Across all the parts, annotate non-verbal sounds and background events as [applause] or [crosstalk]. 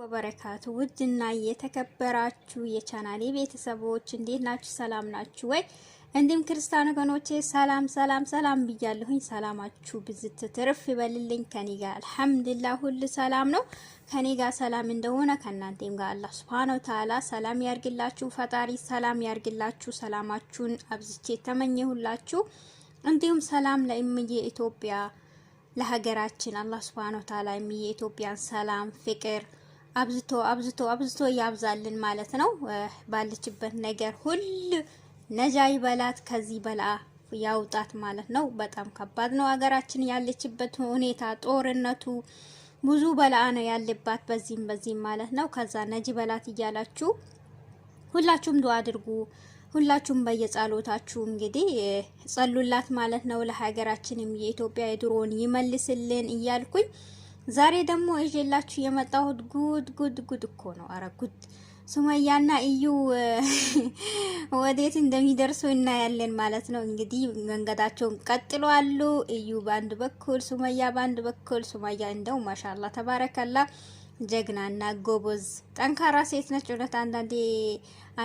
ወበረካቱ ውድና የተከበራችሁ የቻናሌ ቤተሰቦች እንዴት ናችሁ? ሰላም ናችሁ ወይ? እንዲሁም ክርስቲያን ወገኖቼ ሰላም ሰላም ሰላም ብያለሁኝ። ሰላማችሁ ብዝት ትርፍ ይበልልኝ። ከኔ ጋር አልሐምዱሊላህ ሁሉ ሰላም ነው። ከኔ ጋር ሰላም እንደሆነ ከእናንተም ጋር አላህ ሱብሓነሁ ወተዓላ ሰላም ያርግላችሁ። ፈጣሪ ሰላም ያርግላችሁ። ሰላማችሁን አብዝቼ ተመኘሁላችሁ። እንዲሁም ሰላም ለእምዬ ኢትዮጵያ ለሀገራችን አላህ ሱብሓነሁ ወተዓላ ኢትዮጵያን ሰላም ፍቅር አብዝቶ አብዝቶ አብዝቶ ያብዛልን ማለት ነው። ባለችበት ነገር ሁሉ ነጃ ይበላት፣ ከዚህ በላ ያውጣት ማለት ነው። በጣም ከባድ ነው ሀገራችን ያለችበት ሁኔታ፣ ጦርነቱ ብዙ በላ ነው ያለባት፣ በዚህም በዚህም ማለት ነው። ከዛ ነጂ በላት እያላችሁ ሁላችሁም ዱአ አድርጉ። ሁላችሁም በየጸሎታችሁ እንግዲህ ጸሉላት ማለት ነው። ለሀገራችንም የኢትዮጵያ የድሮውን ይመልስልን እያልኩኝ ዛሬ ደግሞ እዤላችሁ የመጣሁት ጉድ ጉድ ጉድ እኮ ነው። አረ ጉድ ሱመያና እዩ [laughs] ወዴት እንደሚደርሱ እናያለን ማለት ነው። እንግዲህ መንገዳቸውን ቀጥሏሉ። እዩ በአንድ በኩል፣ ሱመያ በአንድ በኩል። ሱመያ እንደው ማሻላ ተባረከላ ጀግናና ጎበዝ ጠንካራ ሴት ነች። እውነት አንዳንዴ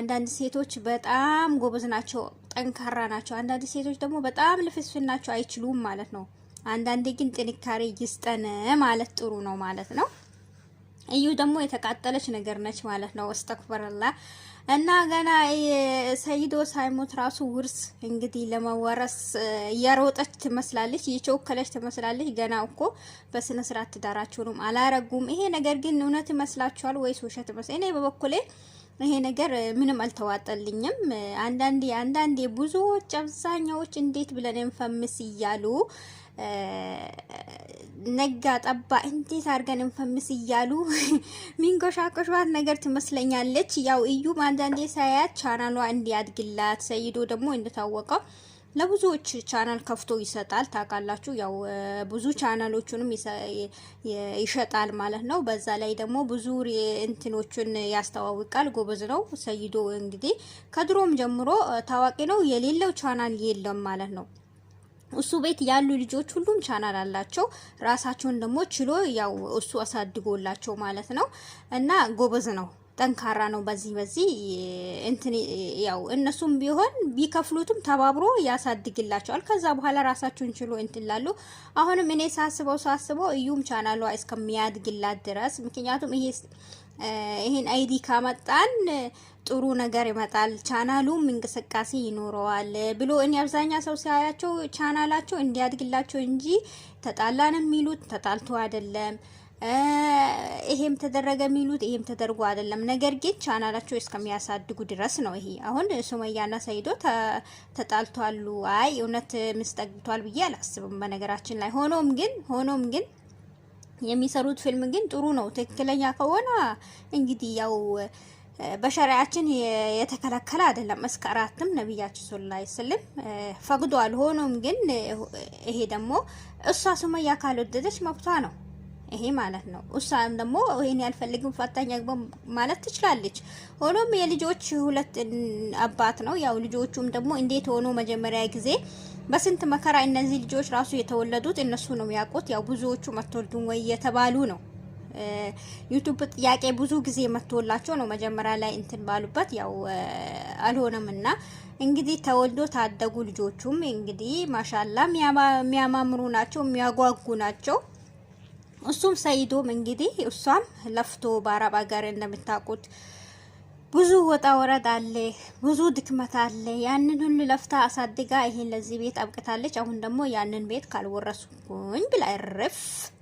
አንዳንድ ሴቶች በጣም ጎበዝ ናቸው፣ ጠንካራ ናቸው። አንዳንድ ሴቶች ደግሞ በጣም ልፍስፍናቸው አይችሉም ማለት ነው። አንዳንዴ ግን ጥንካሬ ይስጠን ማለት ጥሩ ነው ማለት ነው። እዩ ደግሞ የተቃጠለች ነገር ነች ማለት ነው። ወስተክበረላ እና ገና ሰይዶ ሳይሞት ራሱ ውርስ እንግዲህ ለመወረስ እየሮጠች ትመስላለች፣ እየቸወከለች ትመስላለች። ገና እኮ በስነ ስርዓት ትዳራችሁንም አላረጉም። ይሄ ነገር ግን እውነት ይመስላችኋል ወይስ ውሸት ይመስላል? እኔ በበኩሌ ይሄ ነገር ምንም አልተዋጠልኝም። አንዳንዴ አንዳንዴ ብዙዎች አብዛኛዎች እንዴት ብለን እንፈምስ እያሉ ነጋ ጠባ እንዴት አድርገን እንፈምስ እያሉ [laughs] ሚንጎሻቆሿት ነገር ትመስለኛለች። ያው እዩም አንዳንዴ ሳያት ቻናሏ እንዲያድግላት ሰይዶ ደግሞ እንደታወቀው ለብዙዎች ቻናል ከፍቶ ይሰጣል። ታውቃላችሁ ያው ብዙ ቻናሎቹንም ይሸጣል ማለት ነው። በዛ ላይ ደግሞ ብዙ እንትኖቹን ያስተዋውቃል። ጎበዝ ነው ሰይዶ። እንግዲህ ከድሮም ጀምሮ ታዋቂ ነው። የሌለው ቻናል የለም ማለት ነው። እሱ ቤት ያሉ ልጆች ሁሉም ቻናል አላቸው። ራሳቸውን ደግሞ ችሎ ያው እሱ አሳድጎላቸው ማለት ነው። እና ጎበዝ ነው፣ ጠንካራ ነው። በዚህ በዚህ እንትን ያው እነሱም ቢሆን ቢከፍሉትም ተባብሮ ያሳድግላቸዋል። ከዛ በኋላ ራሳቸውን ችሎ እንትን ላሉ። አሁንም እኔ ሳስበው ሳስበው እዩም ቻናሏ እስከሚያድግላት ድረስ ምክንያቱም ይሄ ይህን አይዲ ካመጣን ጥሩ ነገር ይመጣል፣ ቻናሉም እንቅስቃሴ ይኖረዋል ብሎ እኔ አብዛኛ ሰው ሲያያቸው ቻናላቸው እንዲያድግላቸው እንጂ ተጣላን የሚሉት ተጣልቶ አይደለም። ይሄም ተደረገ የሚሉት ይሄም ተደርጎ አይደለም። ነገር ግን ቻናላቸው እስከሚያሳድጉ ድረስ ነው። ይሄ አሁን ሱመያና ሰይዶ ተጣልቷሉ፣ አይ እውነት ምስጠግቷል ብዬ አላስብም። በነገራችን ላይ ሆኖም ግን ሆኖም ግን የሚሰሩት ፊልም ግን ጥሩ ነው። ትክክለኛ ከሆነ እንግዲህ ያው በሸሪያችን የተከለከለ አይደለም። እስከ አራትም ነቢያችን ሰለላሁ ዐለይሂ ፈቅዷል። ሆኖም ግን ይሄ ደግሞ እሷ ሱመያ ካልወደደች መብቷ ነው። ይሄ ማለት ነው። እሷም ደግሞ ይሄን ያልፈልግም ፈታኝ አግባ ማለት ትችላለች። ሆኖም የልጆች ሁለት አባት ነው። ያው ልጆቹም ደግሞ እንዴት ሆኖ መጀመሪያ ጊዜ በስንት መከራ እነዚህ ልጆች ራሱ የተወለዱት እነሱ ነው የሚያውቁት። ያው ብዙዎቹ መትወልዱን ወይ የተባሉ ነው ዩቱብ ጥያቄ ብዙ ጊዜ መቶላቸው ነው መጀመሪያ ላይ እንትን ባሉበት ያው አልሆነም። እና እንግዲህ ተወልዶ ታደጉ ልጆቹም እንግዲህ ማሻላ የሚያማምሩ ናቸው፣ የሚያጓጉ ናቸው። እሱም ሰይዶም እንግዲህ እሷም ለፍቶ በአረብ ሀገር እንደምታውቁት ብዙ ወጣ ወረድ አለ፣ ብዙ ድክመት አለ። ያንን ሁሉ ለፍታ አሳድጋ ይሄን ለዚህ ቤት አብቅታለች። አሁን ደግሞ ያንን ቤት ካልወረስኩኝ ብላ እርፍ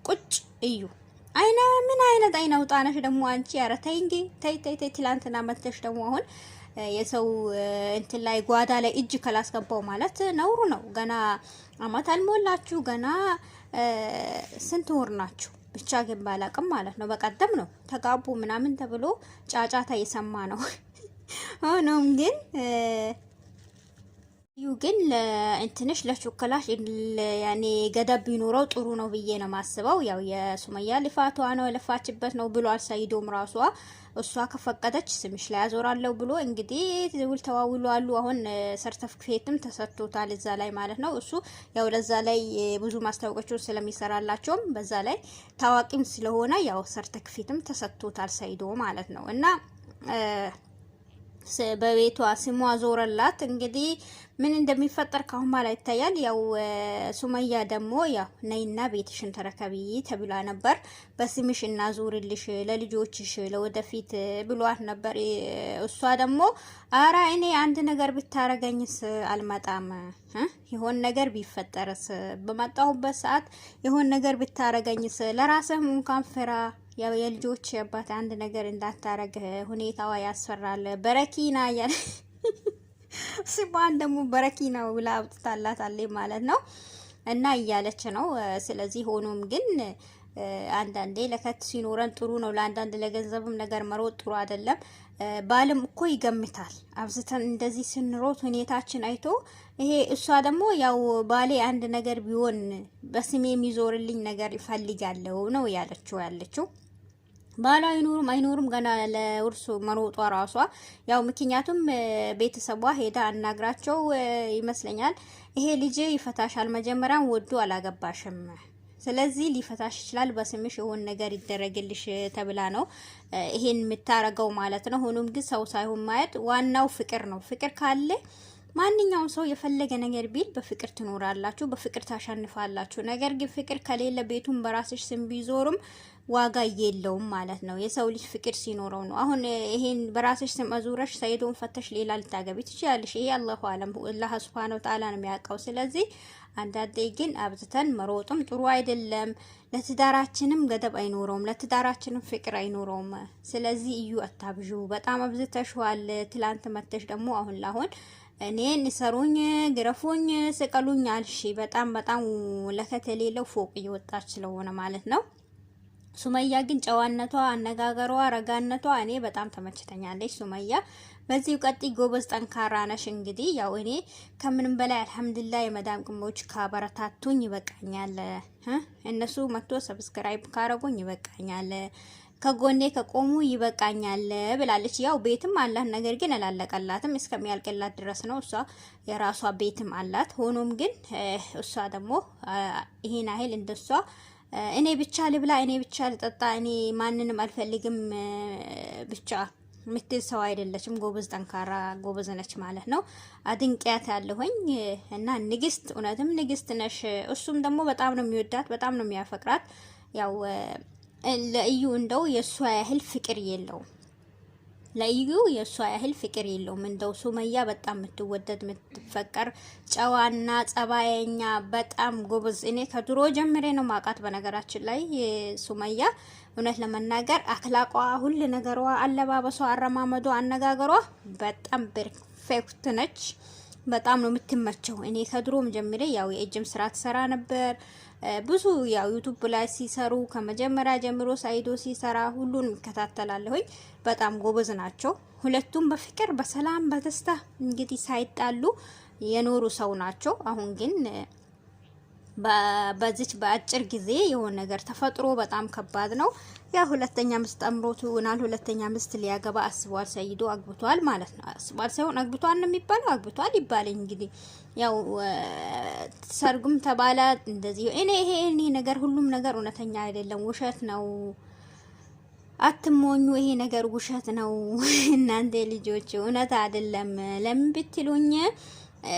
ቁጭ እዩ። አይነ ምን አይነት አይነ ውጣነሽ ደግሞ አንቺ! ኧረ ተይ እንጂ ተይ ተይ ተይ። ትላንትና መተሽ ደግሞ አሁን የሰው እንትን ላይ ጓዳ ላይ እጅ ካላስገባው ማለት ነውሩ ነው። ገና አመት አልሞላችሁ፣ ገና ስንት ወር ናችሁ? ብቻ ግን ባላቅም ማለት ነው። በቀደም ነው ተጋቡ ምናምን ተብሎ ጫጫታ የሰማ ነው። [laughs] ሆኖም ግን ይሁ ግን ለእንትንሽ ለቹክላሽ ያኔ ገደብ ቢኖረው ጥሩ ነው ብዬ ነው ማስበው። ያው የሱመያ ልፋቷ ነው የለፋችበት ነው ብሎ ሰይዶም ራሷ። እሷ ከፈቀደች ስምሽ ላይ ያዞራለሁ ብሎ እንግዲህ ውል ተዋውሎ አሉ። አሁን ሰርተፍኬትም ተሰጥቶታል እዛ ላይ ማለት ነው። እሱ ያው ለዛ ላይ ብዙ ማስታወቂያዎች ስለሚሰራላቸውም በዛ ላይ ታዋቂም ስለሆነ ያው ሰርተፍኬትም ተሰጥቶታል ሰይዶ ማለት ነው እና በቤቷ ስሟ ዞረላት። እንግዲህ ምን እንደሚፈጠር ካሁን በኋላ ይታያል። ያው ሱመያ ደግሞ ያው ነይና ቤትሽን ተረከቢ ተብላ ነበር። በስምሽ እናዞርልሽ ለልጆችሽ ለወደፊት ብሏት ነበር። እሷ ደግሞ አራ እኔ አንድ ነገር ብታረገኝስ አልመጣም፣ የሆን ነገር ቢፈጠርስ፣ በመጣሁበት ሰዓት የሆን ነገር ብታረገኝስ፣ ለራስህም እንኳን ፍራ ያው የልጆች አባት አንድ ነገር እንዳታረግ ሁኔታዋ ያስፈራል። በረኪና እያለ ስሟን [laughs] ደግሞ በረኪናው ብላ አውጥታላታለች ማለት ነው እና እያለች ነው። ስለዚህ ሆኖም ግን አንዳንዴ ለከት ሲኖረን ጥሩ ነው። ለአንዳንድ ለገንዘብም ነገር መሮጥ ጥሩ አይደለም። ባልም እኮ ይገምታል። አብዝተን እንደዚህ ስንሮት ሁኔታችን አይቶ ይሄ እሷ ደግሞ ያው ባሌ አንድ ነገር ቢሆን በስሜ የሚዞርልኝ ነገር ይፈልጋለው ነው ያለችው ያለችው ባሏ አይኖርም አይኖርም ገና ለውርሱ መሮጧ ራሷ ያው ምክንያቱም ቤተሰቧ ሄዳ አናግራቸው ይመስለኛል። ይሄ ልጅ ይፈታሻል፣ መጀመሪያም ወዶ አላገባሽም ስለዚህ ሊፈታሽ ይችላል። በስምሽ የሆን ነገር ይደረግልሽ ተብላ ነው ይሄን የምታረገው ማለት ነው። ሆኖም ግን ሰው ሳይሆን ማየት ዋናው ፍቅር ነው። ፍቅር ካለ ማንኛውም ሰው የፈለገ ነገር ቢል በፍቅር ትኖራላችሁ፣ በፍቅር ታሸንፋላችሁ። ነገር ግን ፍቅር ከሌለ ቤቱን በራስሽ ስም ቢዞርም ዋጋ የለውም ማለት ነው። የሰው ልጅ ፍቅር ሲኖረው ነው። አሁን ይሄን በራስሽ ስም አዙረሽ ሰይዶን ፈተሽ ሌላ ልታገቢ ትችላለሽ። ይሄ አላሁ አለም አላህ ስብሃነ ወተዓላ ነው የሚያውቀው። ስለዚህ አንዳንዴ ግን አብዝተን መሮጥም ጥሩ አይደለም። ለትዳራችንም ገደብ አይኖረውም፣ ለትዳራችንም ፍቅር አይኖረውም። ስለዚህ እዩ አታብዡ። በጣም አብዝተሽዋል። ትላንት መተሽ ደግሞ አሁን ላሁን እኔን ሰሩኝ፣ ግረፉኝ፣ ስቀሉኝ አልሽ። በጣም በጣም ለከተሌለው ፎቅ እየወጣች ስለሆነ ማለት ነው። ሱመያ ግን ጨዋነቷ፣ አነጋገሯ፣ ረጋነቷ እኔ በጣም ተመችተኛለች። ሱመያ በዚህ ቀጥ ጎበዝ፣ ጠንካራ ነሽ። እንግዲህ ያው እኔ ከምንም በላይ አልሐምዱሊላ የመዳም ቅሞች ካበረታቱኝ ይበቃኛል። እነሱ መጥቶ ሰብስክራይብ ካረጉኝ ይበቃኛል። ከጎኔ ከቆሙ ይበቃኛል ብላለች። ያው ቤትም አላት፣ ነገር ግን አላለቀላትም። እስከሚያልቅላት ድረስ ነው። እሷ የራሷ ቤትም አላት። ሆኖም ግን እሷ ደግሞ ይሄን ያህል እንደሷ እኔ ብቻ ልብላ፣ እኔ ብቻ ልጠጣ፣ እኔ ማንንም አልፈልግም ብቻ ምትል ሰው አይደለችም። ጎበዝ ጠንካራ ጎበዝ ነች ማለት ነው። አድንቅያት ያለሁኝ እና ንግስት፣ እውነትም ንግስት ነሽ። እሱም ደግሞ በጣም ነው የሚወዳት፣ በጣም ነው የሚያፈቅራት። ያው ለእዩ እንደው የእሷ ያህል ፍቅር የለውም። ለዩ የእሷ ያህል ፍቅር የለውም። እንደው ሱመያ በጣም የምትወደድ የምትፈቀር ጨዋና ጸባየኛ በጣም ጎበዝ። እኔ ከድሮ ጀምሬ ነው ማውቃት። በነገራችን ላይ ሱመያ እውነት ለመናገር አክላቋ፣ ሁል ነገሯ፣ አለባበሷ፣ አረማመዷ፣ አነጋገሯ በጣም ፐርፌክት ነች። በጣም ነው የምትመቸው። እኔ ከድሮም ጀምሬ ያው የእጅም ስራ ትሰራ ነበር። ብዙ ያው ዩቱብ ላይ ሲሰሩ ከመጀመሪያ ጀምሮ ሳይዶ ሲሰራ ሁሉን ይከታተላለሁኝ። በጣም ጎበዝ ናቸው ሁለቱም። በፍቅር በሰላም በደስታ እንግዲህ ሳይጣሉ የኖሩ ሰው ናቸው። አሁን ግን በዚች በአጭር ጊዜ የሆነ ነገር ተፈጥሮ በጣም ከባድ ነው። ያ ሁለተኛ ሚስት አምሮቱ ይሆናል። ሁለተኛ ሚስት ሊያገባ አስቧል። ሰይዶ አግብቷል ማለት ነው። አስቧል ሳይሆን አግብቷል ነው የሚባለው። አግብቷል ይባል እንግዲህ ያው ሰርጉም ተባለ እንደዚህ። እኔ ይሄ እኔ ነገር ሁሉም ነገር እውነተኛ አይደለም፣ ውሸት ነው። አትሞኙ፣ ይሄ ነገር ውሸት ነው። [laughs] እናንተ ልጆች እውነት አይደለም። ለምን ብትሉኝ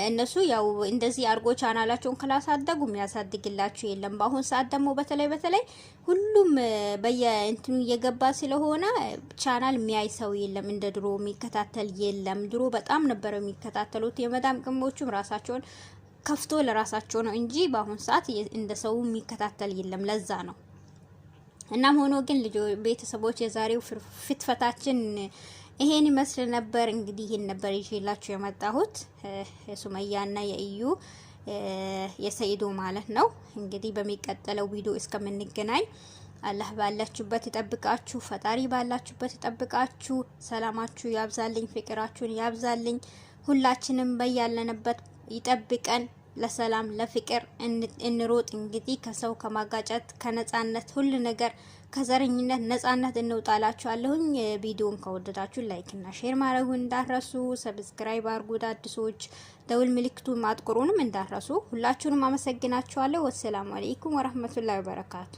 እነሱ ያው እንደዚህ አርጎ ቻናላቸውን ካላሳደጉ የሚያሳድግላችሁ የለም። በአሁን ሰዓት ደግሞ በተለይ በተለይ ሁሉም በየእንትኑ እየገባ ስለሆነ ቻናል የሚያይ ሰው የለም፣ እንደ ድሮ የሚከታተል የለም። ድሮ በጣም ነበረው የሚከታተሉት። የመዳም ቅሞቹም ራሳቸውን ከፍቶ ለራሳቸው ነው እንጂ በአሁን ሰዓት እንደ ሰው የሚከታተል የለም። ለዛ ነው። እናም ሆኖ ግን ልጆ ቤተሰቦች የዛሬው ፍትፈታችን ይሄን ይመስል ነበር እንግዲህ ይሄን ነበር ይዤላችሁ የመጣሁት የሱመያና የኢዩ የሰይዶ ማለት ነው። እንግዲህ በሚቀጥለው ቪዲዮ እስከምንገናኝ አላህ ባላችሁበት ይጠብቃችሁ፣ ፈጣሪ ባላችሁበት ይጠብቃችሁ፣ ሰላማችሁ ያብዛልኝ፣ ፍቅራችሁን ያብዛልኝ። ሁላችንም በያለንበት ይጠብቀን። ለሰላም ለፍቅር እንሮጥ። እንግዲህ ከሰው ከማጋጨት ከነጻነት ሁሉ ነገር ከዘረኝነት ነጻነት እንውጣላችኋለሁኝ። ቪዲዮን ከወደዳችሁ ላይክ እና ሼር ማድረጉ እንዳረሱ፣ ሰብስክራይብ አድርጉት። አዲሶች ደውል ምልክቱ ማጥቆሩንም እንዳረሱ። ሁላችሁንም አመሰግናችኋለሁ። ወሰላሙ አለይኩም ወራህመቱላሂ ወበረካቱ